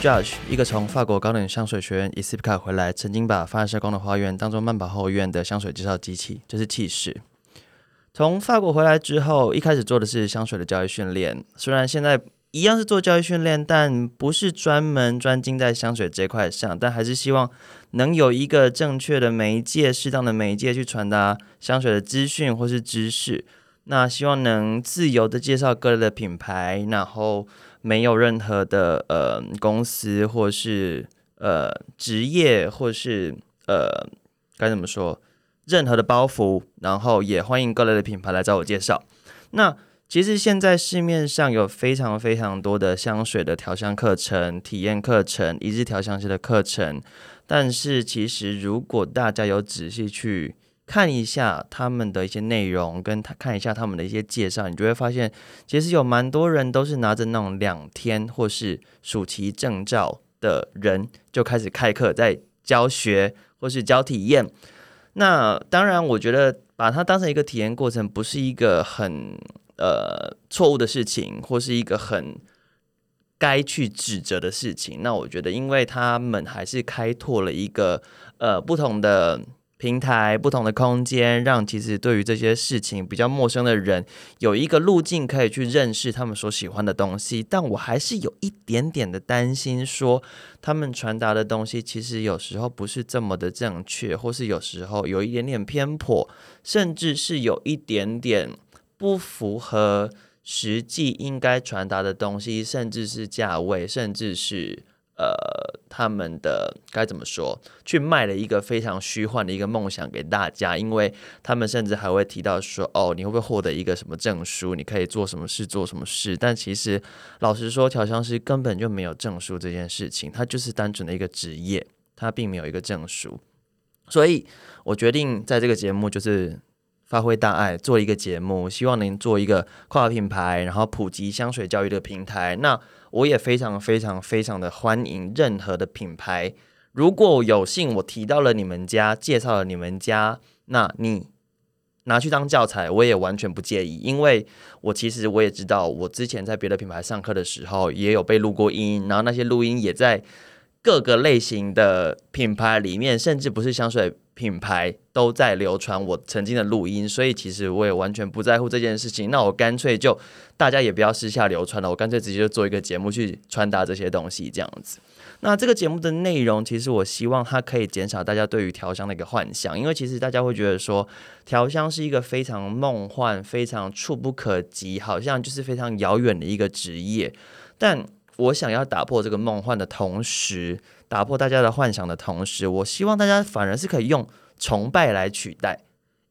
Judge 一個從法國高等香水學院 ISIPCA 回來，曾經把《法蘭光的花園》當做曼堡後院的香水介紹機器，這、就是氣勢。從法國回來之後，一開始做的是香水的教育訓練，雖然現在一樣是做教育訓練，但不是專門專精在香水這塊上，但還是希望能有一個正確的媒介、適當的媒介去傳達香水的資訊或是知識。那希望能自由的介紹各類的品牌，然後。沒有任何的呃公司或是呃職業或是呃該怎麼說，任何的包袱，然後也歡迎各類的品牌來找我介紹。那其實現在市面上有非常非常多的香水的調香課程、體驗課程、一日調香師的課程，但是其實如果大家有仔細去。看一下他們的一些內容，跟他看一下他們的一些介紹，你就會發現，其實有蠻多人都是拿着那種兩天或是暑期證照的人就開始開課，在教學或是教體驗。那當然，我覺得把它當成一個體驗過程，不是一個很呃錯誤的事情，或是一個很該去指責的事情。那我覺得，因為他們還是開拓了一個呃不同的。平台，不同的空間，讓其實對於這些事情比較陌生的人有一個路徑可以去認識他們所喜歡的東西。但我還是有一點點的擔心，說他們傳達的東西其實有時候不是這麼的正確，或是有時候有一點點偏頗，甚至是有一點點不符合實際應該傳達的東西，甚至是價位，甚至是。呃，他們的該怎麼說？去賣了一個非常虛幻的一個夢想給大家，因為他們甚至還會提到說：“哦，你會不會獲得一個什麼證書？你可以做什麼事，做什麼事？”但其實，老實說，調香師根本就沒有證書這件事情，他就是單純的一個職業，他並沒有一個證書。所以我決定在這個節目就是。發揮大愛，做一個節目，希望能做一個跨品牌，然後普及香水教育的平台。那我也非常非常非常的歡迎任何的品牌。如果有幸我提到了你們家，介紹了你們家，那你拿去當教材，我也完全不介意。因為，我其實我也知道，我之前在別的品牌上課的時候，也有被錄過音，然後那些錄音也在各個類型的品牌裡面，甚至不是香水。品牌都在流傳我曾經的錄音，所以其實我也完全不在乎這件事情。那我乾脆就大家也不要私下流傳了，我乾脆直接就做一個節目去傳達這些東西這樣子。那這個節目的內容，其實我希望它可以減少大家對於調香的一個幻想，因為其實大家會覺得說調香是一個非常夢幻、非常觸不可及，好像就是非常遙遠的一個職業，但我想要打破這個夢幻的同時，打破大家的幻想的同時，我希望大家反而是可以用崇拜來取代，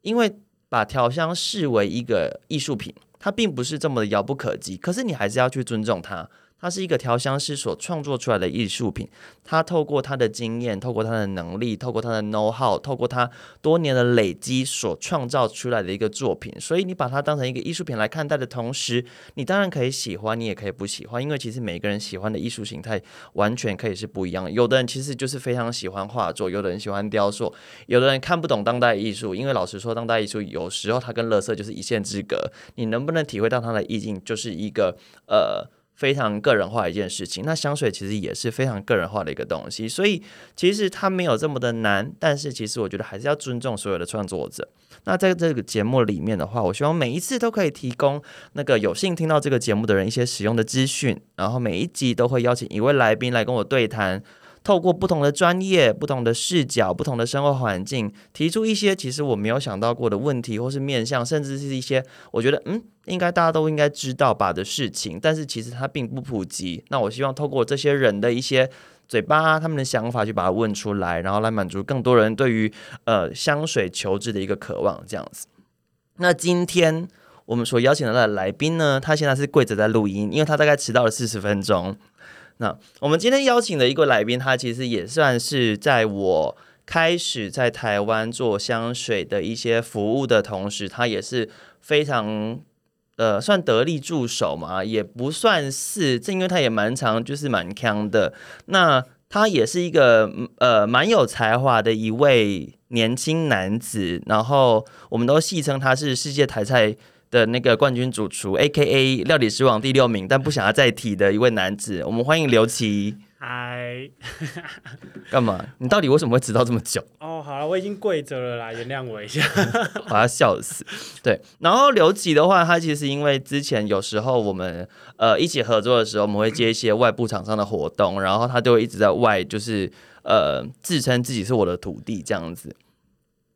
因為把調香視為一個藝術品，它並不是這麼的遙不可及，可是你還是要去尊重它。它是一個調香師所創作出來的藝術品，它透過他的經驗，透過他的能力，透過他的 know how，透過他多年的累積所創造出來的一個作品。所以你把它當成一個藝術品來看待的同時，你當然可以喜歡，你也可以不喜歡，因為其實每個人喜歡的藝術形態完全可以是不一樣的。有的人其實就是非常喜歡畫作，有的人喜歡雕塑，有的人看不懂當代藝術，因為老實說，當代藝術有時候它跟垃圾就是一線之隔。你能不能體會到它的意境，就是一個呃，非常個人化的一件事情，那香水其實也是非常個人化的一個東西，所以其實它沒有這麼的難，但是其實我覺得還是要尊重所有的創作者。那在這個節目裡面的話，我希望每一次都可以提供那個有幸聽到這個節目的人一些實用的資訊，然後每一集都會邀請一位來賓來跟我對談。透過不同的專業、不同的視角、不同的生活環境，提出一些其實我沒有想到過的問題，或是面向，甚至是一些我覺得嗯，應該大家都應該知道吧的事情，但是其實它並不普及。那我希望透過這些人的一些嘴巴、啊、他們的想法，去把它問出來，然後來滿足更多人對於呃香水求知的一個渴望。這樣子。那今天我們所邀請的來賓呢，他現在是跪着在錄音，因為他大概遲到了四十分鐘。那我們今天邀請的一個來賓，他其實也算是在我開始在台灣做香水的一些服務的同時，他也是非常呃，算得力助手嘛，也不算是，正因為他也蠻長，就是蠻強的。那他也是一個呃蠻有才華的一位年輕男子，然後我們都戲稱他是世界台菜的那個冠軍主廚，A.K.A. 料理之王第六名，但不想要再提的一位男子，我們歡迎劉淇。嗨 Hi，幹 嘛？你到底為什麼會遲到這麼久？哦，oh, 好了、啊，我已經跪着了啦，原諒我一下，我 要笑死。對，然後劉淇的話，他其實因為之前有時候我們呃一起合作的時候，我們會接一些外部廠商的活動，然後他就一直在外，就是呃自稱自己是我的徒弟這樣子。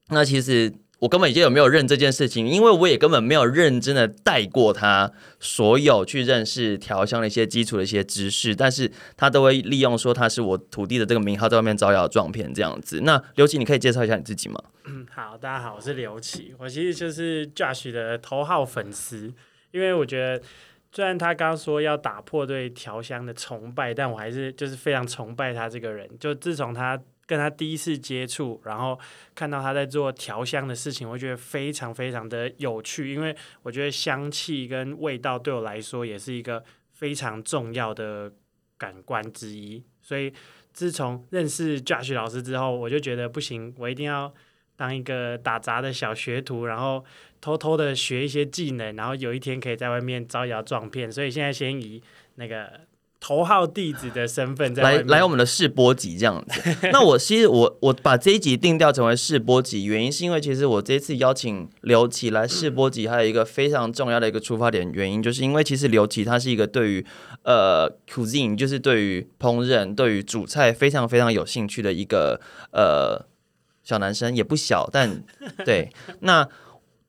那其實。我根本已經有沒有認這件事情，因為我也根本沒有認真的帶過他所有去認識調香的一些基礎的一些知識，但是他都會利用說他是我徒弟的這個名號在外面招搖撞騙這樣子。那劉淇，你可以介紹一下你自己嗎？嗯，好，大家好，我是劉淇，我其實就是 Josh 的頭號粉絲，因為我覺得雖然他剛剛說要打破對調香的崇拜，但我還是就是非常崇拜他這個人。就自從他。跟他第一次接觸，然後看到他在做調香的事情，我覺得非常非常的有趣，因為我覺得香氣跟味道對我來說也是一個非常重要的感官之一。所以自從認識 Josh 老師之後，我就覺得不行，我一定要當一個打雜的小學徒，然後偷偷的學一些技能，然後有一天可以在外面招搖撞騙。所以現在先以那個。頭號弟子的身份在來來我們的試播集這樣 那我其實我我把這一集定調成為試播集，原因是因為其實我這次邀請劉淇來試播集，嗯、還有一個非常重要的一個出發點原因，就是因為其實劉淇他是一個對於呃 cuisine 就是對於烹飪、對於主菜非常非常有興趣的一個呃小男生，也不小，但對。 那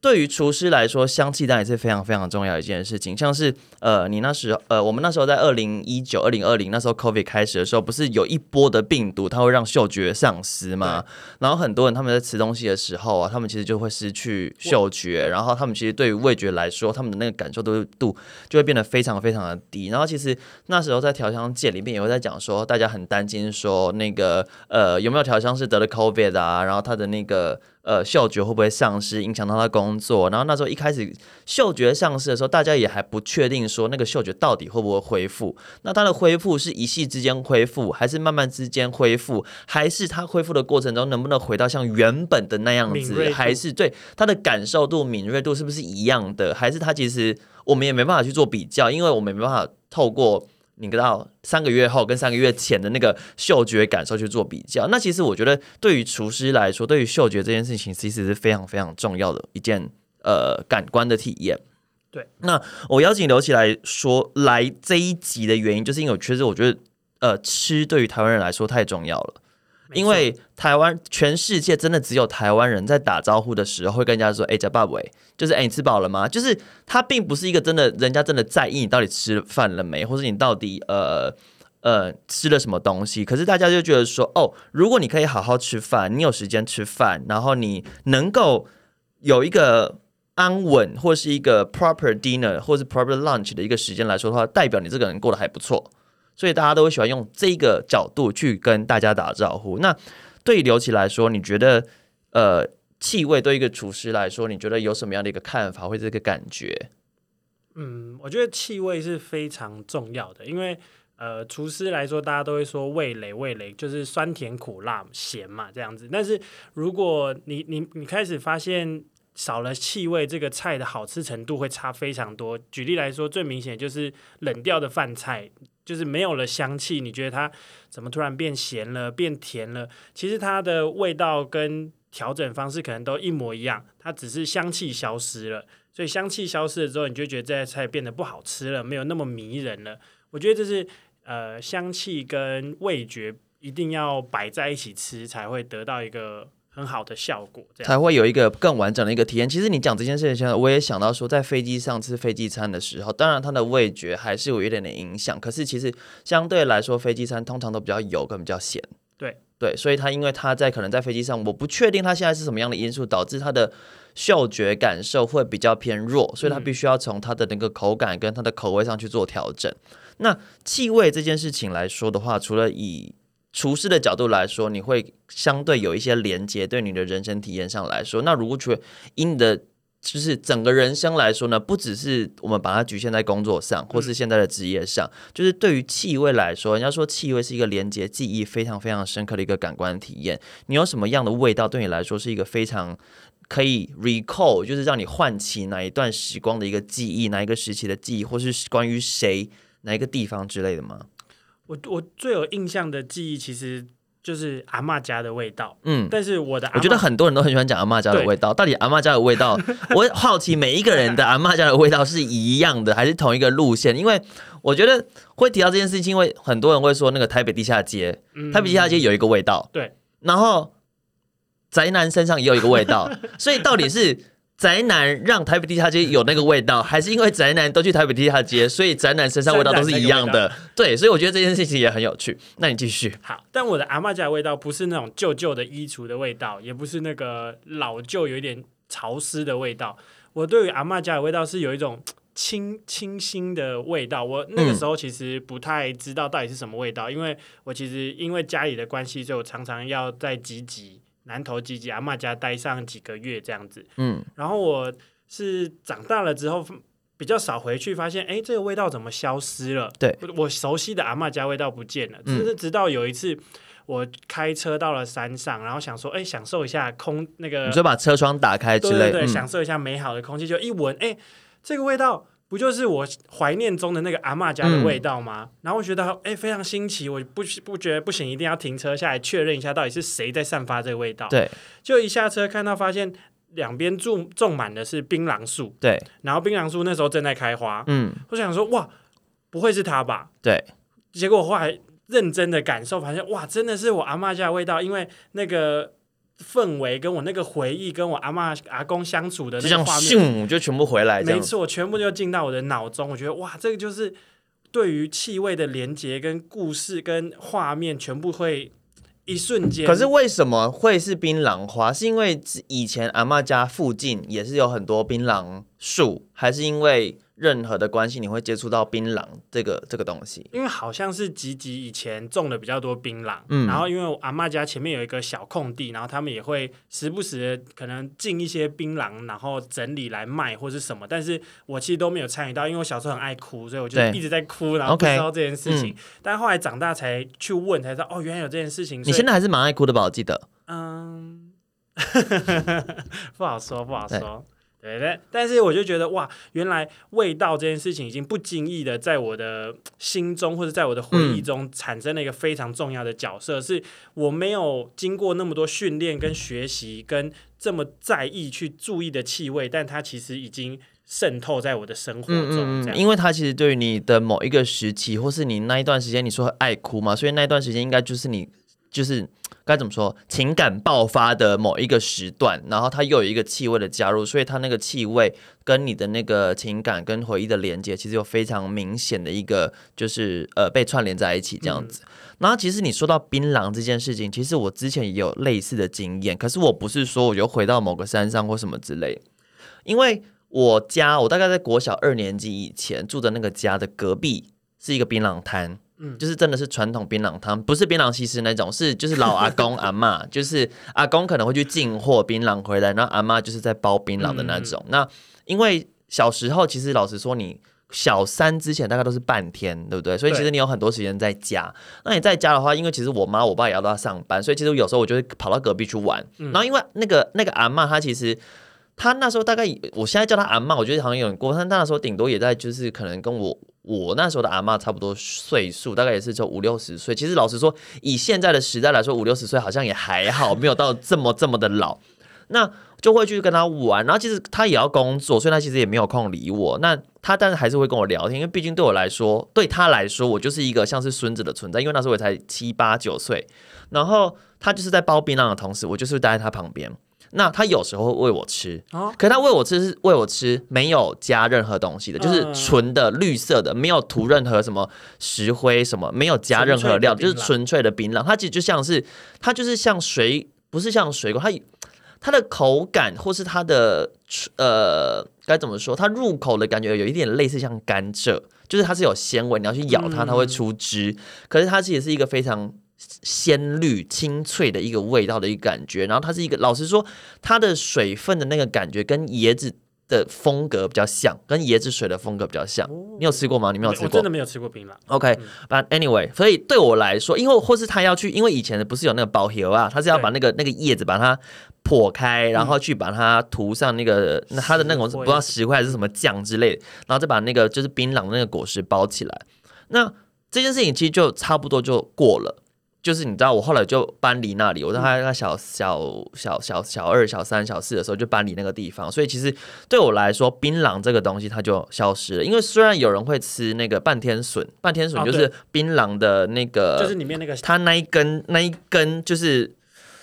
對於廚師來說，香氣當然也是非常非常重要一件事情，像是。呃，你那時候呃，我們那時候在二零一九、二零二零那時候，COVID 開始的時候，不是有一波的病毒，它會讓嗅覺喪失嗎？對然後很多人他們在吃東西的時候啊，他們其實就會失去嗅覺，哇然後他們其實對於味覺來說，他們的那個感受度就會變得非常非常的低。然後其實那時候在調香界裡面也會在講說，大家很擔心說那個呃有沒有調香師得了 COVID 啊？然後他的那個呃嗅覺會不會喪失，影響到他的工作？然後那時候一開始嗅覺喪失的時候，大家也還不確定。說那個嗅覺到底會不會恢復？那它的恢復是一夕之間恢復，還是慢慢之間恢復？還是它恢復的過程中能不能回到像原本的那樣子？還是對它的感受度、敏銳度是不是一樣的？還是它其實我們也沒辦法去做比較，因為我們沒辦法透過你知道三個月後跟三個月前的那個嗅覺感受去做比較。那其實我覺得，對於廚師來說，對於嗅覺這件事情，其實是非常非常重要的一件呃感官的體驗。對，那我邀請劉淇來說來這一集的原因，就是因為我確實我覺得，呃，吃對於台灣人來說太重要了。錯因為台灣全世界真的只有台灣人在打招呼的時候會跟人家說：“哎、欸，吃飽喂”，就是“誒、欸，你吃飽了嗎？”就是他並不是一個真的，人家真的在意你到底吃飯了沒，或是你到底呃呃吃了什麼東西。可是大家就覺得說：“哦，如果你可以好好吃飯，你有時間吃飯，然後你能夠有一個。”安穩，或是一個 proper dinner 或是 proper lunch 的一個時間來說的話，代表你這個人過得還不錯，所以大家都會喜歡用這個角度去跟大家打招呼。那對於劉淇來說，你覺得呃，氣味對一個廚師來說，你覺得有什麼樣的一個看法或者這個感覺？嗯，我覺得氣味是非常重要的，因為呃，廚師來說，大家都會說味蕾，味蕾就是酸甜苦辣鹹嘛這樣子。但是如果你你你開始發現。少了氣味，這個菜的好吃程度會差非常多。舉例來說，最明顯就是冷掉的飯菜，就是沒有了香氣。你覺得它怎麼突然變鹹了，變甜了？其實它的味道跟調整方式可能都一模一樣，它只是香氣消失了。所以香氣消失了之後，你就覺得這道菜變得不好吃了，沒有那麼迷人了。我覺得這是呃，香氣跟味覺一定要擺在一起吃，才會得到一個很好的效果，這樣才會有一個更完整的一個體驗。其實你講這件事情現在，我也想到說，在飛機上吃飛機餐的時候，當然它的味覺還是有一點點影響。可是其實相對來說，飛機餐通常都比較油，跟比較鹹。對對，所以它因為它在可能在飛機上，我不確定它現在是什麼樣的因素導致它的嗅覺感受會比較偏弱，所以它必須要從它的那個口感跟它的口味上去做調整。嗯、那氣味這件事情來說的話，除了以廚師的角度來說，你會相對有一些連接，對你的人生體驗上來說。那如果從以你的就是整個人生來說呢，不只是我們把它局限在工作上，或是現在的職業上，嗯、就是對於氣味來說，人家說氣味是一個連接記憶非常非常深刻的一個感官體驗。你有什麼樣的味道對你來說是一個非常可以 recall，就是讓你喚起哪一段時光的一個記憶，哪一個時期的記憶，或是關於誰、哪一個地方之類的嗎？我我最有印象的記憶，其實就是阿嬤家的味道。嗯，但是我的我覺得很多人都很喜歡講阿嬤家的味道。對到底阿嬤家的味道， 我好奇每一個人的阿嬤家的味道是一樣的，還是同一個路線？因為我覺得會提到這件事情，因為很多人會說那個台北地下街，嗯，台北地下街有一個味道。對，然後宅男身上也有一個味道， 所以到底是。宅男讓台北地下街有那個味道，嗯、還是因為宅男都去台北地下街，所以宅男身上味道都是一樣的。對，所以我覺得這件事情也很有趣。那你繼續。好，但我的阿嬤家的味道不是那種舊舊的衣櫥的味道，也不是那個老舊有點潮濕的味道。我對於阿嬤家的味道是有一種清清新的味道。我那個時候其實不太知道到底是什麼味道，嗯、因為我其實因為家裡的關係，就常常要再擠擠。南投基基阿嬤家待上幾個月這樣子，嗯、然後我是長大了之後比較少回去，發現哎，這個味道怎麼消失了？對，我，我熟悉的阿嬤家味道不見了。嗯、直，直到有一次我開車到了山上，然後想說哎，享受一下空那個，你就把車窗打開之類，對，對，對，嗯、享受一下美好的空氣，就一聞哎，這個味道。不就是我懷念中的那個阿嬤家的味道嗎？嗯、然後我覺得誒、欸，非常新奇，我不不覺得不行，一定要停車下來確認一下到底是誰在散發這個味道。對，就一下車看到發現兩邊種種滿的是檳榔樹，對，然後檳榔樹那時候正在開花，嗯，我想說哇，不會是他吧？對，結果後來認真的感受，發現哇，真的是我阿嬤家的味道，因為那個。氛圍跟我那個回憶，跟我阿媽阿公相處的那畫面，那種父母就全部回來，沒錯，我全部就進到我的腦中，我覺得哇，這個就是對於氣味的連接，跟故事跟畫面全部會一瞬間。可是為什麼會是檳榔花？是因為以前阿媽家附近也是有很多檳榔樹，還是因為？任何的關係，你會接觸到檳榔這個這個東西，因為好像是吉吉以前種了比較多檳榔，嗯、然後因為阿嬤家前面有一個小空地，然後他們也會時不時可能進一些檳榔，然後整理來賣或是什麼，但是我其實都沒有參與到，因為我小時候很愛哭，所以我就一直在哭，對然後不知道這件事情，okay, 嗯、但後來長大才去問才知道，哦，原來有這件事情。你現在還是蠻愛哭的吧？我記得，嗯， 不好說，不好說。對的，但是我就覺得哇，原來味道這件事情已經不經意的在我的心中或者在我的回憶中產生了一個非常重要的角色，嗯、是我沒有經過那麼多訓練跟學習跟這麼在意去注意的氣味，但它其實已經滲透在我的生活中，這樣，因為它其實對於你的某一個時期，或是你那一段時間，你說愛哭嘛，所以那一段時間應該就是你，就是該怎麼說，情感爆發的某一個時段，然後它又有一個氣味的加入，所以它那個氣味跟你的那個情感跟回憶的連接，其實有非常明顯的一個，就是呃被串聯在一起這樣子。嗯。然後其實你說到檳榔這件事情，其實我之前也有類似的經驗，可是我不是說我就回到某個山上或什麼之類的，因為我家我大概在國小二年級以前住的那個家的隔壁是一個檳榔攤。就是真的是傳統檳榔湯，不是檳榔西施那種，是就是老阿公阿嬤， 就是阿公可能會去進貨檳榔回來，然後阿嬤就是在包檳榔的那種。嗯嗯，那因為小時候其實老實說，你小三之前大概都是半天，對不對？所以其實你有很多時間在家。對那你在家的話，因為其實我媽我爸也要到上班，所以其實有時候我就會跑到隔壁去玩。嗯、然後因為那個那個阿嬤她其實。他那時候大概，我現在叫他阿嬤，我覺得好像有點過，但他那的時候，頂多也在，就是可能跟我我那時候的阿嬤差不多歲數，大概也是就五六十歲。其實老實說，以現在的時代來說，五六十歲好像也還好，沒有到這麼這麼的老。 那就會去跟他玩，然後其實他也要工作，所以他其實也沒有空理我。那他但是還是會跟我聊天，因為畢竟對我來說，對他來說，我就是一個像是孫子的存在，因為那時候我才七八九歲。然後他就是在包檳榔的同時，我就是待在他旁邊。那它有時候會餵我吃，哦、可是它餵我吃是餵我吃，沒有加任何東西的，嗯、就是純的綠色的，沒有塗任何什麼石灰什麼，沒有加任何料，就是純粹的檳榔。它其實就像是，它就是像水，不是像水果，它它的口感或是它的呃該怎麼說，它入口的感覺有一點類似像甘蔗，就是它是有纖維，你要去咬它，它會出汁。嗯、可是它其實是一個非常。鮮綠清脆的一個味道，的一個感覺，然後它是一個老實說，它的水分的那個感覺跟椰子的風格比較像，跟椰子水的風格比較像。你有吃過嗎？你沒有吃過？我真的沒有吃過檳榔。OK，but anyway，所以對我來說，因為或是他要去，因為以前的不是有那個包盒啊，他是要把那個對那個葉子把它破開，然後去把它塗上那個、嗯、那它的那種十位不知道石灰還是什麼醬之類的，然後再把那個就是檳榔的那個果實包起來。那這件事情其實就差不多就過了。就是你知道，我後來就搬離那裡。我在他那小小小小小二、小三、小四的時候就搬離那個地方，所以其實對我來說，檳榔這個東西它就消失了。因為雖然有人會吃那個半天筍，半天筍就是檳榔的那個、哦，就是裡面那個，它那一根那一根就是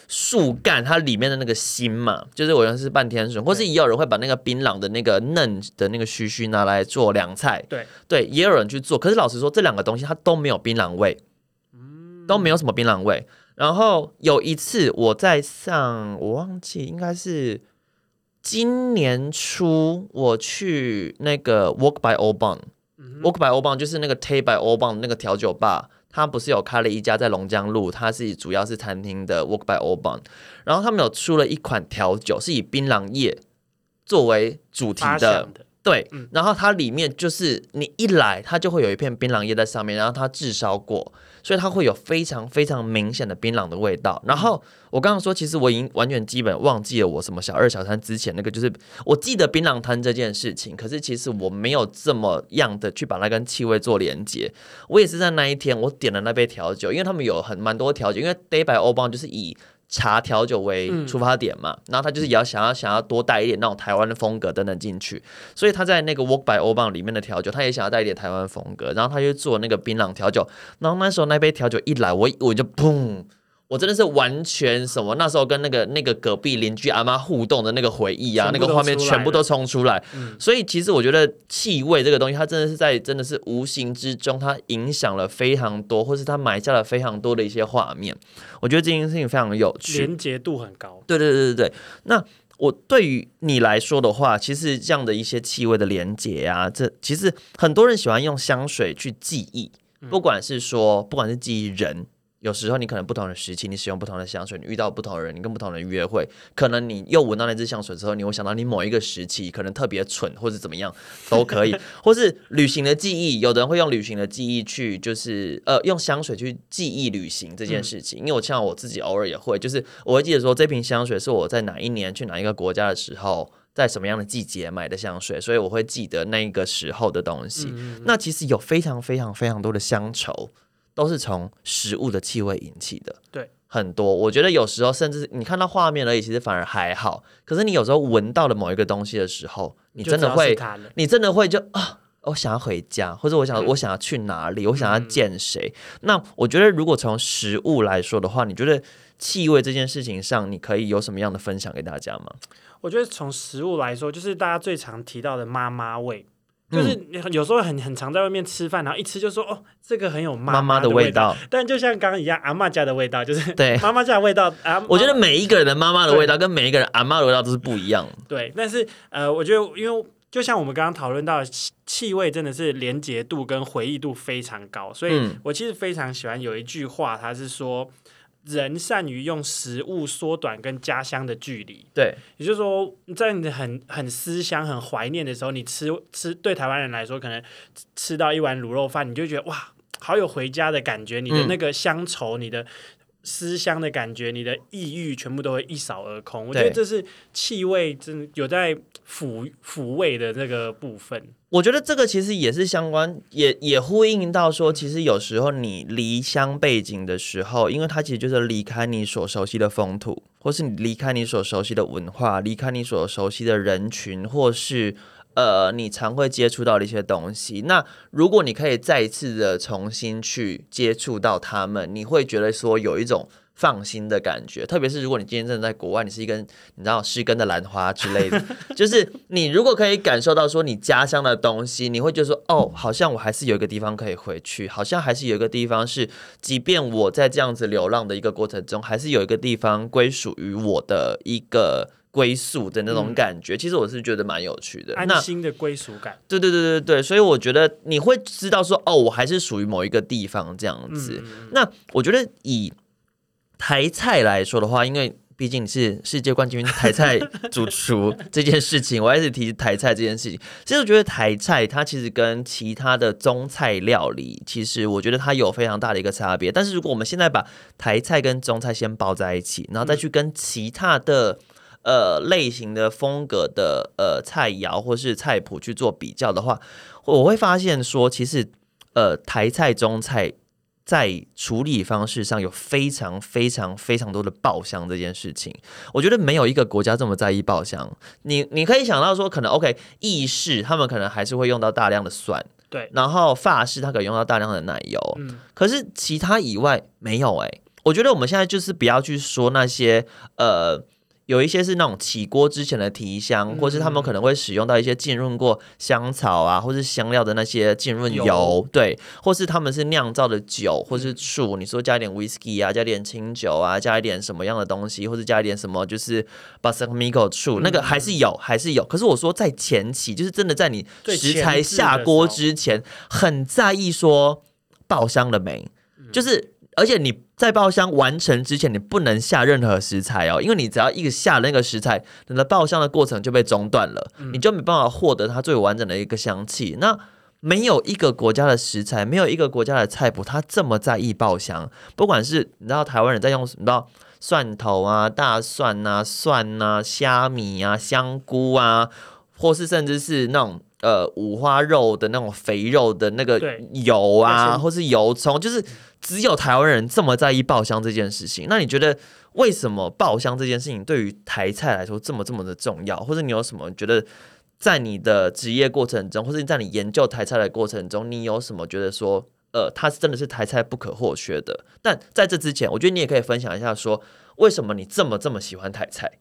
樹幹，它裡面的那個芯嘛，就是我認為是半天筍，或是也有人會把那個檳榔的那個嫩的那個須須拿來做涼菜，對對，也有人去做。可是老實說，這兩個東西它都沒有檳榔味。都沒有什麼檳榔味。然後有一次我在上，我忘記應該是今年初，我去那個 Walk by Old Bond，Walk、嗯、哼 by Old Bond 就是那個 Tay by Old Bond 那個調酒吧，它不是有開了一家在龍江路，它是主要是餐廳的 Walk by Old Bond。然後他們有出了一款調酒，是以檳榔葉作為主題的，的對，嗯、然後它裡面就是你一來，它就會有一片檳榔葉在上面，然後它炙燒過。所以它會有非常非常明顯的檳榔的味道。然後我剛剛說，其實我已經完全基本忘記了我什麼小二小三之前那個，就是我記得檳榔攤這件事情，可是其實我沒有這麼樣的去把它跟氣味做連接。我也是在那一天我點了那杯調酒，因為他們有很蠻多調酒，因為 Day by 歐邦就是以。茶調酒為出發點嘛，嗯、然後他就是也要想要想要多帶一點那種台灣的風格等等進去，所以他在那個 Walk by O b o 裡面的調酒，他也想要帶一點台灣風格，然後他就做那個檳榔調酒，然後那時候那杯調酒一來，我我就砰。我真的是完全什麼？那時候跟那個那個隔壁鄰居阿媽互動的那個回憶啊，那個畫面全部都衝出來。嗯、所以其實我覺得氣味這個東西，它真的是在真的是無形之中，它影響了非常多，或是它埋下了非常多的一些畫面。我覺得這件事情非常有趣，連結度很高。對對對對對。那我對於你來說的話，其實這樣的一些氣味的連結啊，這其實很多人喜歡用香水去記憶，不管是說不管是記憶人。有時候你可能不同的時期，你使用不同的香水，你遇到不同的人，你跟不同的人約會，可能你又聞到那支香水之後，你會想到你某一個時期可能特別蠢，或者怎麼樣都可以， 或是旅行的記憶。有的人會用旅行的記憶去，就是呃，用香水去記憶旅行這件事情。嗯、因為我像我自己偶爾也會，就是我會記得說，這瓶香水是我在哪一年去哪一個國家的時候，在什麼樣的季節買的香水，所以我會記得那個時候的東西。嗯嗯，那其實有非常非常非常多的鄉愁都是從食物的氣味引起的，對，很多。我覺得有時候甚至你看到畫面而已，其實反而還好。可是你有時候聞到了某一個東西的時候，你真的會，你，你真的會就啊，我想要回家，或者我想、嗯、我想要去哪裡，我想要見誰。嗯、那我覺得，如果從食物來說的話，你覺得氣味這件事情上，你可以有什麼樣的分享給大家嗎？我覺得從食物來說，就是大家最常提到的媽媽味。就是有時候很很常在外面吃飯，然後一吃就說哦，這個很有媽媽的味道。媽媽味道，但就像剛剛一樣，阿嬤家的味道就是對媽媽家的味道。對啊、我覺得每一個人的媽媽的味道對跟每一個人阿嬤的味道都是不一樣。對，但是呃，我覺得因為就像我們剛剛討論到的氣味，真的是連結度跟回憶度非常高，所以我其實非常喜歡有一句話，它是說。人善於用食物縮短跟家鄉的距離對，也就是說在，在你很很思鄉、很懷念的時候，你吃吃對台灣人來說，可能吃到一碗滷肉飯，你就覺得哇，好有回家的感覺，你的那個鄉愁，嗯、你的。思鄉的感覺，你的抑鬱全部都會一掃而空。對我覺得這是氣味真有在撫撫慰的那個部分。我覺得這個其實也是相關，也也呼應到說，其實有時候你離鄉背井的時候，因為它其實就是離開你所熟悉的風土，或是你離開你所熟悉的文化，離開你所熟悉的人群，或是。呃，你常會接觸到的一些東西。那如果你可以再一次的重新去接觸到他們，你會覺得說有一種放心的感覺。特別是如果你今天真的在國外，你是一根你知道失根的蘭花之類的， 就是你如果可以感受到說你家鄉的東西，你會覺得說：‘哦，好像我還是有一個地方可以回去，好像還是有一個地方是，即便我在這樣子流浪的一個過程中，還是有一個地方歸屬於我的一個。歸宿的那種感覺，嗯、其實我是覺得蠻有趣的。安心的歸屬感，對對對對對，所以我覺得你會知道說，哦，我還是屬於某一個地方這樣子。嗯嗯，那我覺得以台菜來說的話，因為畢竟是世界冠軍台菜主廚這件事情， 我還是提台菜這件事情。其實我覺得台菜它其實跟其他的中菜料理，其實我覺得它有非常大的一個差別。但是如果我們現在把台菜跟中菜先包在一起，然後再去跟其他的、嗯。呃，類型的風格的呃菜餚或是菜譜去做比較的話，我會發現說，其實呃台菜中菜在處理方式上有非常非常非常多的爆香這件事情，我覺得沒有一個國家這麼在意爆香。你你可以想到說，可能 OK 意式他們可能還是會用到大量的蒜，對，然後法式他可以用到大量的奶油，嗯，可是其他以外沒有哎、欸。我覺得我們現在就是不要去說那些呃。有一些是那種起鍋之前的提香，嗯嗯，或是他們可能會使用到一些浸潤過香草啊，或是香料的那些浸潤油，油對，或是他們是釀造的酒或是醋，嗯、你說加一點威士 y 啊，加一點清酒啊，加一點什麼樣的東西，或者加一點什麼，就是巴斯克米格醋，嗯嗯，那個還是有，還是有。可是我說在前期，就是真的在你食材下鍋之前，很在意說爆香了沒？嗯、就是。而且你在爆香完成之前，你不能下任何食材哦，因為你只要一個下那個食材，你的爆香的過程就被中斷了，嗯、你就沒辦法獲得它最完整的一個香氣。那沒有一個國家的食材，沒有一個國家的菜譜，它這麼在意爆香。不管是你知道台灣人在用什麼，知道蒜頭啊、大蒜啊、蒜啊、蝦米啊、香菇啊，或是甚至是那種呃五花肉的那種肥肉的那個油啊，是或是油蔥，就是。只有台灣人這麼在意爆香這件事情，那你覺得為什麼爆香這件事情對於台菜來說這麼這麼的重要？或者你有什麼覺得在你的職業過程中，或者在你研究台菜的過程中，你有什麼覺得說，呃，它是真的是台菜不可或缺的？但在這之前，我覺得你也可以分享一下，說為什麼你這麼這麼喜歡台菜？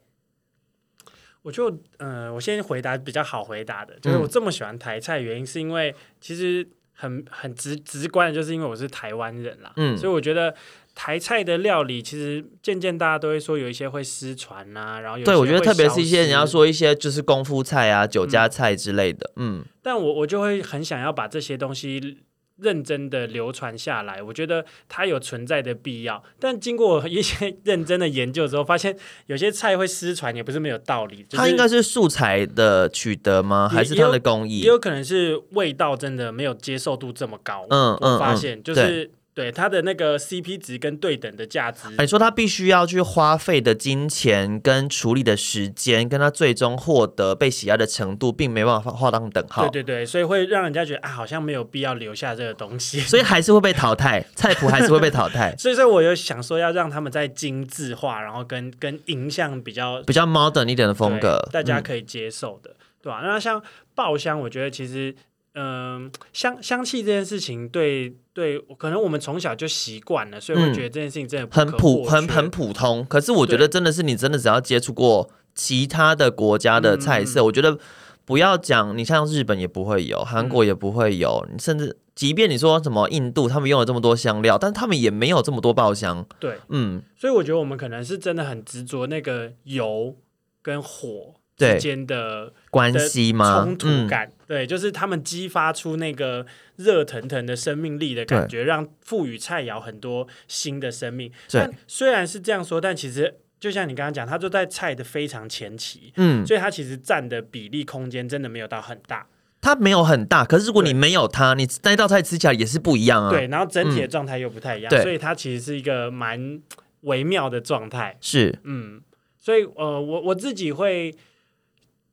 我就，嗯、呃，我先回答比較好回答的，就是我這麼喜歡台菜，原因是因為其實。很很直直觀的就是因為我是台灣人啦，嗯，所以我覺得台菜的料理其實漸漸大家都會說有一些會失傳啊，然後有對我覺得特別是一些人家說一些就是功夫菜啊、嗯、酒家菜之類的，嗯，但我我就會很想要把這些東西。認真的流傳下來，我覺得它有存在的必要。但經過一些認真的研究之後，發現有些菜會失傳，也不是沒有道理。就是、它應該是素材的取得嗎？還是它的工藝？也有，也有可能是味道真的沒有接受度這麼高。我發現就是。嗯嗯嗯對他的那個 C P 值跟對等的價值，啊，你說他必須要去花費的金錢跟處理的時間，跟他最終獲得被喜愛的程度，並沒辦法劃劃上等號。對對對，所以會讓人家覺得啊，好像沒有必要留下這個東西，所以還是會被淘汰， 菜譜還是會被淘汰。 所以說，我有想說要讓他們再精緻化，然後跟跟形象比較比較 modern 一點的風格，大家可以接受的，嗯、對吧？那像爆香，我覺得其實。嗯、呃，香香氣這件事情對，對對，可能我們從小就習慣了，所以我覺得這件事情真的、嗯、很普很很普通。可是我覺得真的是你真的只要接觸過其他的國家的菜色，對我覺得不要講你像日本也不會有，韓國也不會有，嗯、甚至即便你說什麼印度，他們用了這麼多香料，但是他們也沒有這麼多爆香。對，嗯，所以我覺得我們可能是真的很執着那個油跟火之間的關係嗎？衝突感。嗯對，就是他們激發出那個熱騰騰的生命力的感覺，對讓賦予菜餚很多新的生命。對但雖然是這樣說，但其實就像你剛剛講，他就在菜的非常前期，嗯，所以它其實佔的比例空間真的沒有到很大。它沒有很大，可是如果你沒有它，對你那道菜吃起來也是不一樣啊。對，然後整體的狀態又不太一樣，嗯、對，所以它其實是一個蠻微妙的狀態。是，嗯，所以呃，我我自己會。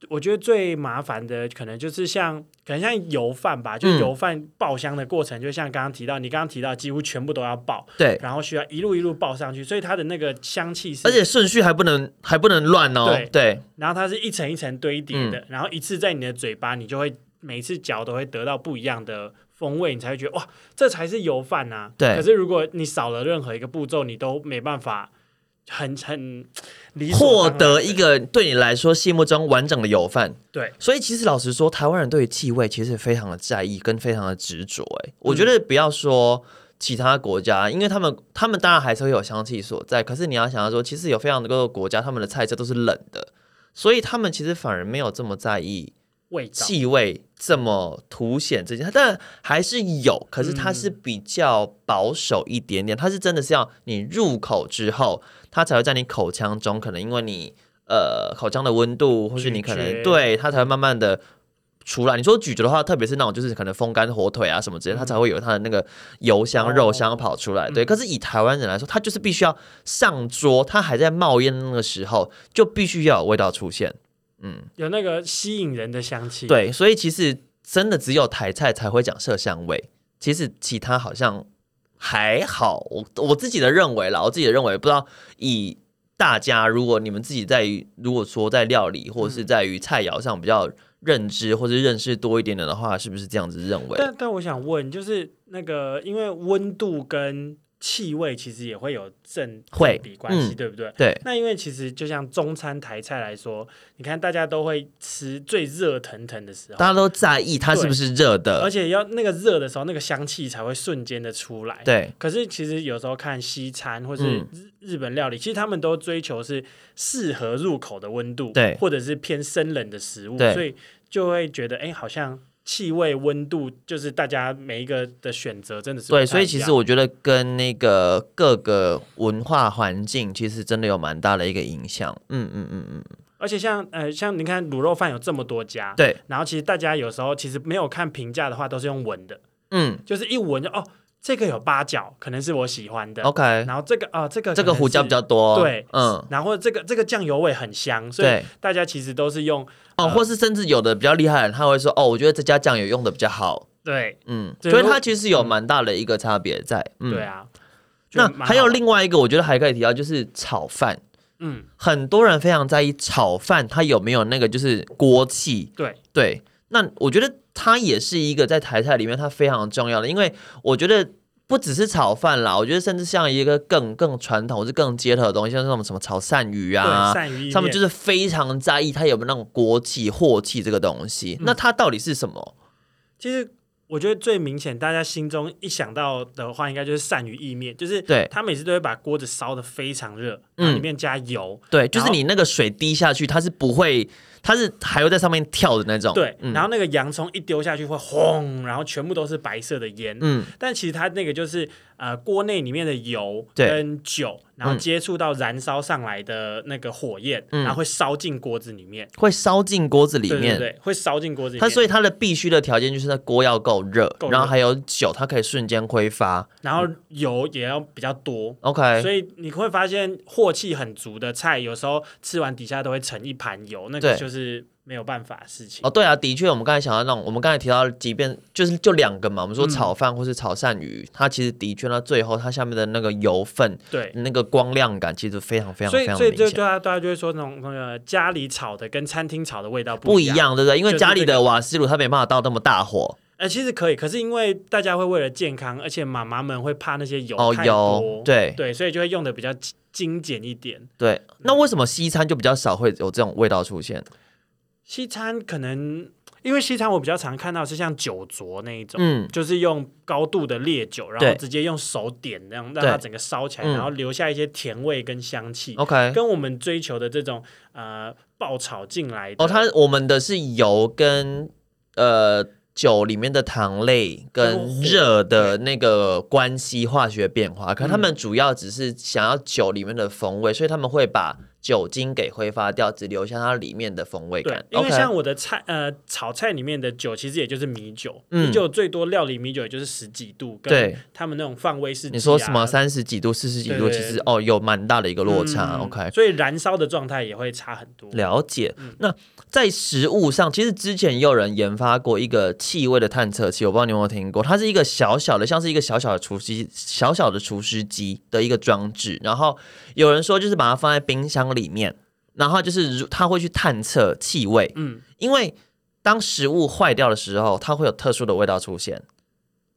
我覺得最麻煩的可能就是像，可能像油飯吧，就油飯爆香的過程，嗯、就像剛剛提到，你剛剛提到幾乎全部都要爆，對然後需要一路一路爆上去，所以它的那個香氣是，而且順序還不能還不能亂哦，對，對然後它是一層一層堆疊的，嗯、然後一次在你的嘴巴，你就會每次嚼都會得到不一樣的風味，你才會覺得哇，這才是油飯啊，對。可是如果你少了任何一個步驟，你都沒辦法。很很，獲得一個對你來說心目中完整的油飯。對，所以其實老實說，台灣人對於氣味其實非常的在意跟非常的執着。哎、嗯，我覺得不要說其他國家，因為他們他們當然還是會有香氣所在。可是你要想要說，其實有非常多的國家，他們的菜色都是冷的，所以他們其實反而沒有這麼在意。味氣味這麼凸顯這些，它但還是有，可是它是比較保守一點點，嗯、它是真的是要你入口之後，它才會在你口腔中，可能因為你呃口腔的溫度，或是你可能嚼對，它才會慢慢的出來。你說咀嚼的話，特別是那種就是可能風乾火腿啊什麼之類，嗯、它才會有它的那個油香、哦、肉香跑出來。對，嗯、可是以台灣人來說，它就是必須要上桌，它還在冒煙的那個時候，就必須要有味道出現。嗯，有那個吸引人的香氣、嗯。對，所以其實真的只有台菜才會講色香味，其實其他好像還好。我我自己的認為啦，我自己的認為，不知道以大家如果你們自己在，如果說在料理或者是在於菜餚上比較認知、嗯、或者認識多一點點的話，是不是這樣子認為？但但我想問，就是那個因為溫度跟氣味其實也會有正正比關係，嗯、對不對？對。那因為其實就像中餐台菜來說，你看大家都會吃最熱騰騰的時候，大家都在意它是不是熱的，而且要那個熱的時候，那個香氣才會瞬間的出來。對。可是其實有時候看西餐或是日本料理，嗯、其實他們都追求是適合入口的溫度，對，或者是偏生冷的食物，對，所以就會覺得哎，好像。氣味、溫度，就是大家每一個的選擇，真的是對。所以其實我覺得跟那個各個文化環境，其實真的有蠻大的一個影響。嗯嗯嗯嗯。嗯，而且像呃，像你看滷肉飯有這麼多家，對。然後其實大家有時候其實沒有看評價的話，都是用聞的。嗯，就是一聞就哦。這個有八角，可能是我喜歡的。OK，然後這個啊，這個這個胡椒比較多。對，嗯，然後這個這個醬油味很香，所以大家其實都是用哦，或是甚至有的比較厲害的人，他會說哦，我覺得這家醬油用得比較好。對，嗯，所以它其實有蠻大的一個差別在。對啊，那還有另外一個，我覺得還可以提到就是炒飯。嗯，很多人非常在意炒飯它有沒有那個就是鍋氣。對對。那我覺得它也是一個在台菜裡面，它非常重要的，因為我覺得不只是炒飯啦，我覺得甚至像一個更更傳統，是更街頭的東西，像那種什麼、什麼炒鱔魚啊，鱔魚，他們就是非常在意它有沒有那種鍋氣鑊氣這個東西。嗯，那它到底是什麼？其實。我覺得最明顯，大家心中一想到的話，應該就是鱔魚意麵，就是對，他每次都會把鍋子燒得非常熱，嗯，裡面加油，對，然後就是你那個水滴下去，它是不會，它是還會在上面跳的那種，對，嗯、然後那個洋蔥一丟下去會轟，然後全部都是白色的煙，嗯，但其實它那個就是。呃，鍋內裡面的油跟酒，嗯、然後接觸到燃燒上來的那個火焰，嗯、然後會燒進鍋子裡面，會燒進鍋子裡面，對對、對會燒進鍋子裡面。它所以它的必須的條件就是，那鍋要夠熱，夠熱然後還有酒，它可以瞬間揮發，然後油也要比較多。OK、嗯、所以你會發現鑊氣很足的菜，有時候吃完底下都會盛一盤油，那個就是。沒有辦法的事情哦，對啊，的確，我們剛才想到那種，我們剛才提到幾遍，即便就是就兩個嘛，我們說炒飯或是炒鱔魚，嗯、它其實的確到最後，它下面的那個油分，對，那個光亮感其實非常非常，非常明顯所，所以所以就大家大家就會說那種呃朋友家裡炒的跟餐廳炒的味道不一，不一樣，對不對？因為家裡的瓦斯爐它沒辦法到那麼大火，哎、這個呃，其實可以，可是因為大家會為了健康，而且媽媽們會怕那些油哦油，對對，所以就會用的比較精精簡一點。對，嗯、那為什麼西餐就比較少會有這種味道出現？西餐可能因為西餐我比較常看到是像酒桌那一種，嗯、就是用高度的烈酒，對然後直接用手點那樣讓，讓它整個燒起來，嗯、然後留下一些甜味跟香氣。OK，、嗯、跟我們追求的這種呃爆炒進來哦，它我們的是油跟呃酒裡面的糖類跟熱的那個關係化學變化，可能他們主要只是想要酒裡面的風味，所以他們會把。酒精給揮發掉，只留下它裡面的風味感。對，因為像我的菜，Okay 呃，炒菜裡面的酒其實也就是米酒，米酒、嗯、最多料理米酒也就是十幾度。對，跟他們那種放威士忌、啊、你說什麼三十幾度、四十幾度，其實對對對哦，有蠻大的一個落差。嗯、OK，所以燃燒的狀態也會差很多。了解。嗯、那在食物上，其實之前也有人研發過一個氣味的探測器，我不知道你有沒有聽過。它是一個小小的，像是一個小小的廚師、小小的廚師機的一個裝置。然後有人說，就是把它放在冰箱裡。裡面，然後就是它會去探測氣味，嗯，因為當食物壞掉的時候，它會有特殊的味道出現；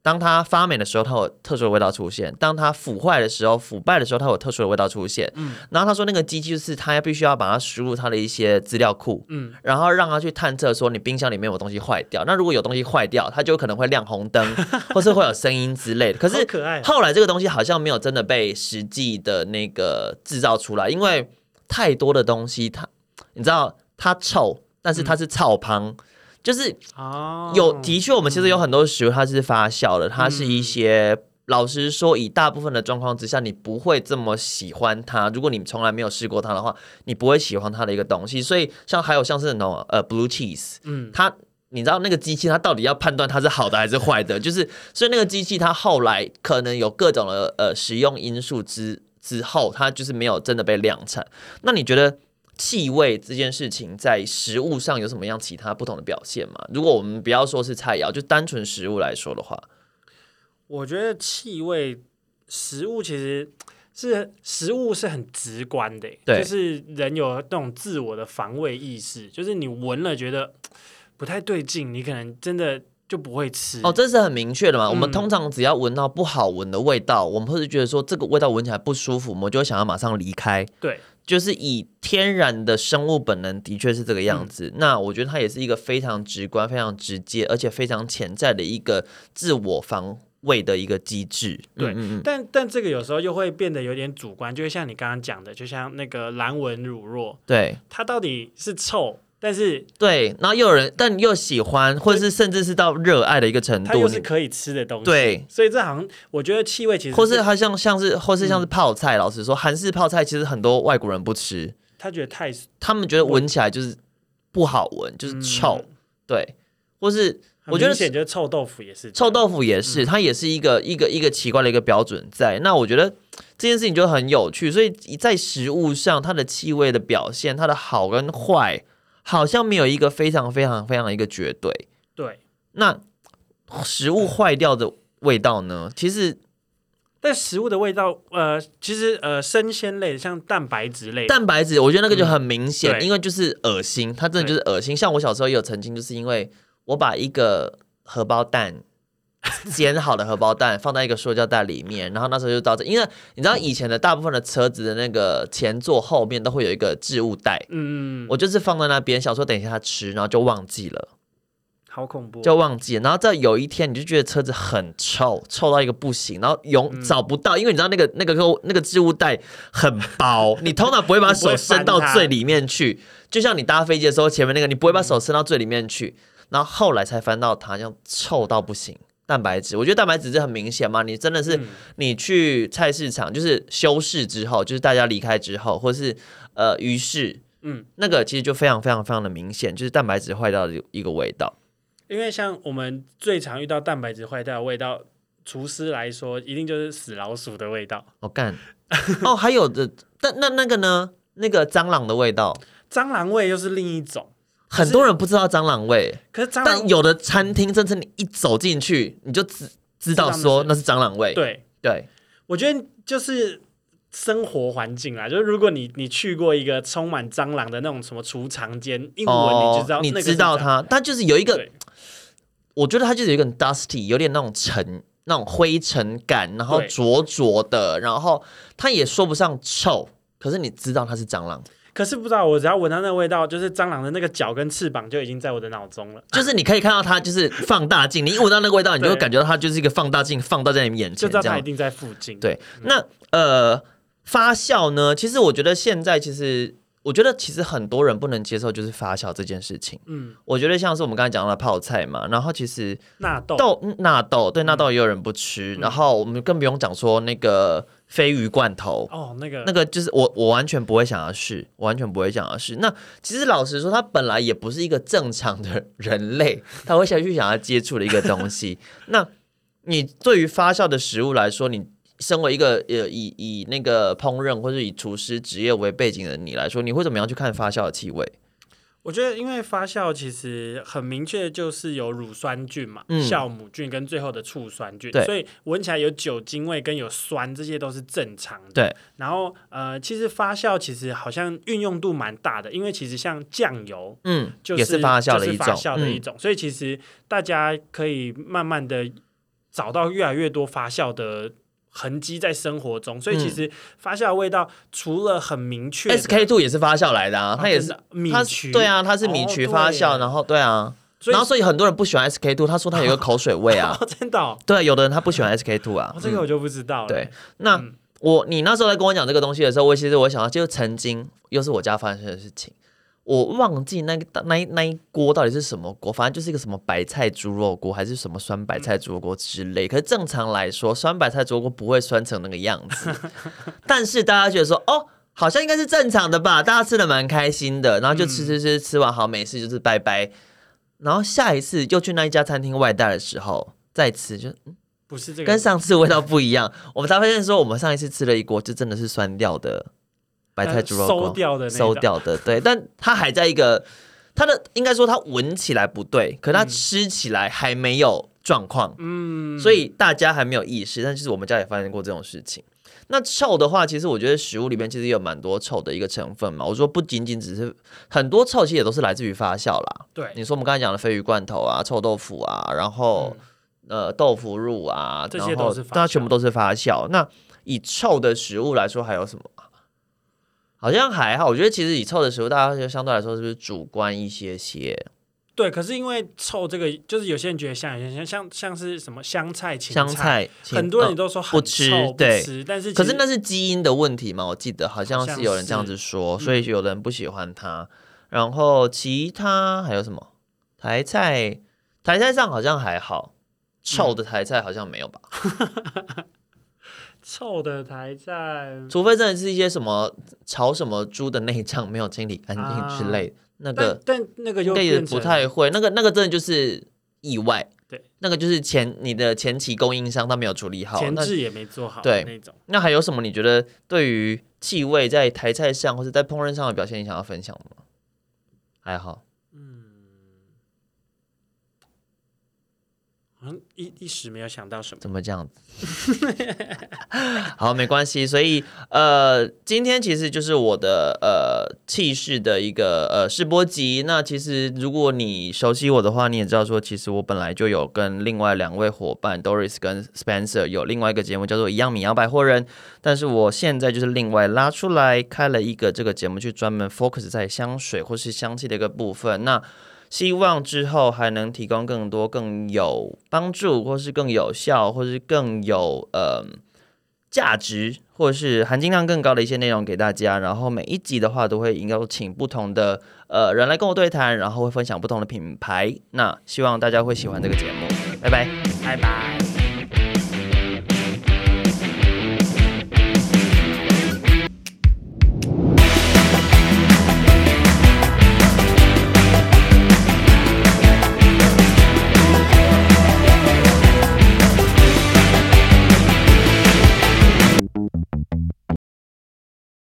當它發霉的時候，它有特殊的味道出現；當它腐壞的時候，腐敗的時候，它有特殊的味道出現。嗯，然後他說那個機器就是它必須要把它輸入它的一些資料庫，嗯，然後讓它去探測，說你冰箱裡面有東西壞掉。那如果有東西壞掉，它就可能會亮紅燈， 或是會有聲音之類的。可是可愛，後來這個東西好像沒有真的被實際的那個製造出來，因為。太多的東西，它，你知道，它臭，但是它是草旁，嗯、就是啊，有、oh, 的確，我們其實有很多食物它是發酵的，嗯、它是一些老實說，以大部分的狀況之下，你不會這麼喜歡它。如果你從來沒有試過它的話，你不會喜歡它的一個東西。所以像還有像是那種呃 b l u e t e e s e 嗯，它，你知道那個機器，它到底要判斷它是好的還是壞的， 就是所以那個機器它後來可能有各種的呃使用因素之。之後，它就是沒有真的被量產。那你覺得氣味這件事情在食物上有什麼樣其他不同的表現嗎？如果我們不要說是菜餚，就單純食物來說的話，我覺得氣味食物其實是食物是很直觀的，對就是人有那種自我的防衛意識，就是你聞了覺得不太對勁，你可能真的。就不會吃，欸、哦這是很明確的嘛。嗯、我們通常只要聞到不好聞的味道，我們或者覺得說這個味道聞起來不舒服，我們就想要馬上離開。對，就是以天然的生物本能，的確是這個樣子。嗯、那我覺得它也是一個非常直觀、非常直接，而且非常潛在的一個自我防衛的一個機制。對，嗯嗯嗯，但但這個有時候又會變得有點主觀，就像你剛剛講的，就像那個藍紋乳酪，對，它到底是臭，但是對，然後又有人，但你又喜歡，或者是甚至是到熱愛的一個程度，它又是可以吃的東西。對，所以這好像我覺得氣味其實，或是好像像是，或是像是泡菜。嗯、老實說，韓式泡菜其實很多外國人不吃，他覺得太，他們覺得聞起來就是不好聞，嗯、就是臭。對，或是我覺得，而且覺得臭豆腐也是，臭豆腐也是，它也是一個一個一個，一個奇怪的一個標準在。那我覺得這件事情就很有趣。所以在食物上，它的氣味的表現，它的好跟壞。好像沒有一個非常非常非常的一個絕對。對，那食物壞掉的味道呢？嗯、其實，但食物的味道，呃，其實呃，生鮮類像蛋白質類，蛋白質，我覺得那個就很明顯，嗯、因為就是噁心，對它真的就是噁心。嗯、像我小時候也有曾經，就是因為我把一個荷包蛋，煎 好的荷包蛋放在一個塑膠袋裡面，然後那時候就到這，因為你知道以前的大部分的車子的那個前座後面都會有一個置物袋，嗯，我就是放在那邊，想說等一下他吃，然後就忘記了，好恐怖，就忘記了。然後在有一天，你就覺得車子很臭，臭到一個不行，然後永找不到，嗯、因為你知道那個那個、那個、那個置物袋很薄， 你通常不會把手伸到最裡面去，就像你搭飛機的時候前面那個，你不會把手伸到最裡面去。嗯、然後後來才翻到它，就臭到不行。蛋白質，我覺得蛋白質這很明顯嘛，你真的是、嗯、你去菜市場，就是休市之後，就是大家離開之後，或是呃魚市嗯，那個其實就非常非常非常的明顯，就是蛋白質壞掉的一個味道。因為像我們最常遇到蛋白質壞掉的味道，廚師來說一定就是死老鼠的味道。我幹、哦，哦，還有的， 但那那個呢？那個蟑螂的味道，蟑螂味又是另一種。很多人不知道蟑螂味，可是蟑螂但有的餐廳，甚至你一走進去，你就知知道說那是蟑螂味。對對，對我覺得就是生活環境啊，就是如果你你去過一個充滿蟑螂的那種什麼儲藏間，一聞你就知道、哦。你知道它，它就是有一個，對我覺得它就是有一個很 dusty，有點那種塵、那種灰塵感，然後濁濁的，對然後它也說不上臭，可是你知道它是蟑螂。可是不知道，我只要聞到那個味道，就是蟑螂的那個腳跟翅膀就已經在我的腦中了。就是你可以看到它，就是放大鏡。 你一聞到那個味道，對你就會感覺到它就是一個放大鏡，放大在你眼前，就知道它一定在附近。樣嗯、對，那呃發酵呢？其實我覺得現在，其實我覺得其實很多人不能接受就是發酵這件事情。嗯，我覺得像是我們剛才講的泡菜嘛，然後其實納豆、納豆，豆，對，納豆也有人不吃，嗯、然後我們更不用講說那個。鯡魚罐頭哦，oh, 那個那個就是我，我完全不會想要試，完全不會想要試。那其實老實說，他本來也不是一個正常的人類，他會想去想要接觸的一個東西。 那你對於發酵的食物來說，你身為一個呃以，以，以那個烹飪或是以廚師職業為背景的你來說，你會怎麼樣去看發酵的氣味？我覺得，因為發酵其實很明確，就是有乳酸菌嘛，嗯、酵母菌跟最後的醋酸菌，對所以聞起來有酒精味跟有酸，這些都是正常的。對然後，呃，其實發酵其實好像運用度蠻大的，因為其實像醬油、就是，嗯，就是發酵發酵的一種。一種嗯、所以，其實大家可以慢慢的找到越來越多發酵的。痕積在生活中，所以其實發酵的味道除了很明確、嗯、，SK two 也是發酵來的啊，啊它也是米曲對啊，它是米曲發酵，哦、然後對啊，以然後所以很多人不喜歡 SK two，他說他有個口水味啊，哦、真的、哦，對，有的人他不喜歡 SK two 啊、哦，這個我就不知道了、嗯。對，那、嗯、我你那時候在跟我講這個東西的時候，我其實我想到，就曾經又是我家發生的事情。我忘記那個那一那一鍋到底是什麼鍋，反正就是一個什麼白菜豬肉鍋，還是什麼酸白菜豬肉鍋之類。可是正常來說，酸白菜豬肉鍋不會酸成那個樣子。 但是大家覺得說，哦，好像應該是正常的吧？大家吃的蠻開心的，然後就吃吃吃，吃完好，沒事，就是拜拜。然後下一次又去那一家餐廳外帶的時候再吃就，就、嗯、不是這個，跟上次味道不一樣， 我們才發現說我們上一次吃了一鍋就真的是酸掉的。白菜豬肉餿掉的，餿掉的，對，但它還在一個，它的應該說它聞起來不對，可它吃起來還沒有狀況，嗯，嗯，所以大家還沒有意識。但其實我們家也發生過這種事情。嗯、那臭的話，其實我覺得食物裡面其實有蠻多臭的一個成分嘛。我說不僅僅只是很多臭，其實也都是來自於發酵啦。對，你說我們剛才講的鯡魚罐頭啊，臭豆腐啊，然後、嗯、呃豆腐乳啊，這些都是它全部都是發酵。那以臭的食物來說，還有什麼？好像還好，我覺得其實以臭的食物，大家就相對來說是不是主觀一些些？對，可是因為臭這個，就是有些人覺得像像像是什麼香菜、芹菜，菜香菜很多人都說好、呃、吃，對。但是，可是那是基因的問題嘛。我記得好像是有人這樣子說，所以有人不喜歡它。嗯、然後其他還有什麼？台菜、台菜上好像還好，臭的台菜好像沒有吧。嗯 臭的台菜，除非真的是一些什麼炒什麼豬的內臟沒有清理乾淨之類的。啊、那個也但，但那個又不太會，那個那個真的就是意外，對，那個就是前你的前期供應商他沒有處理好，前置也沒做好，那對那還有什麼？你覺得對於氣味在台菜上或是在烹飪上的表現，你想要分享的嗎？還好。一一時沒有想到什麼，怎麼這樣子？ 好，沒關係。所以呃，今天其實就是我的呃氣勢的一個呃試播集。那其實如果你熟悉我的話，你也知道說，其實我本來就有跟另外兩位夥伴 Doris 跟 Spencer 有另外一個節目叫做《一樣米養百貨人》，但是我現在就是另外拉出來開了一個這個節目，去專門 focus 在香水或是香氣的一個部分。那希望之後還能提供更多更有幫助，或是更有效，或是更有呃價值，或是含金量更高的一些內容給大家。然後每一集的話都會邀請不同的呃人來跟我對談，然後會分享不同的品牌。那希望大家會喜歡這個節目，拜拜，拜拜。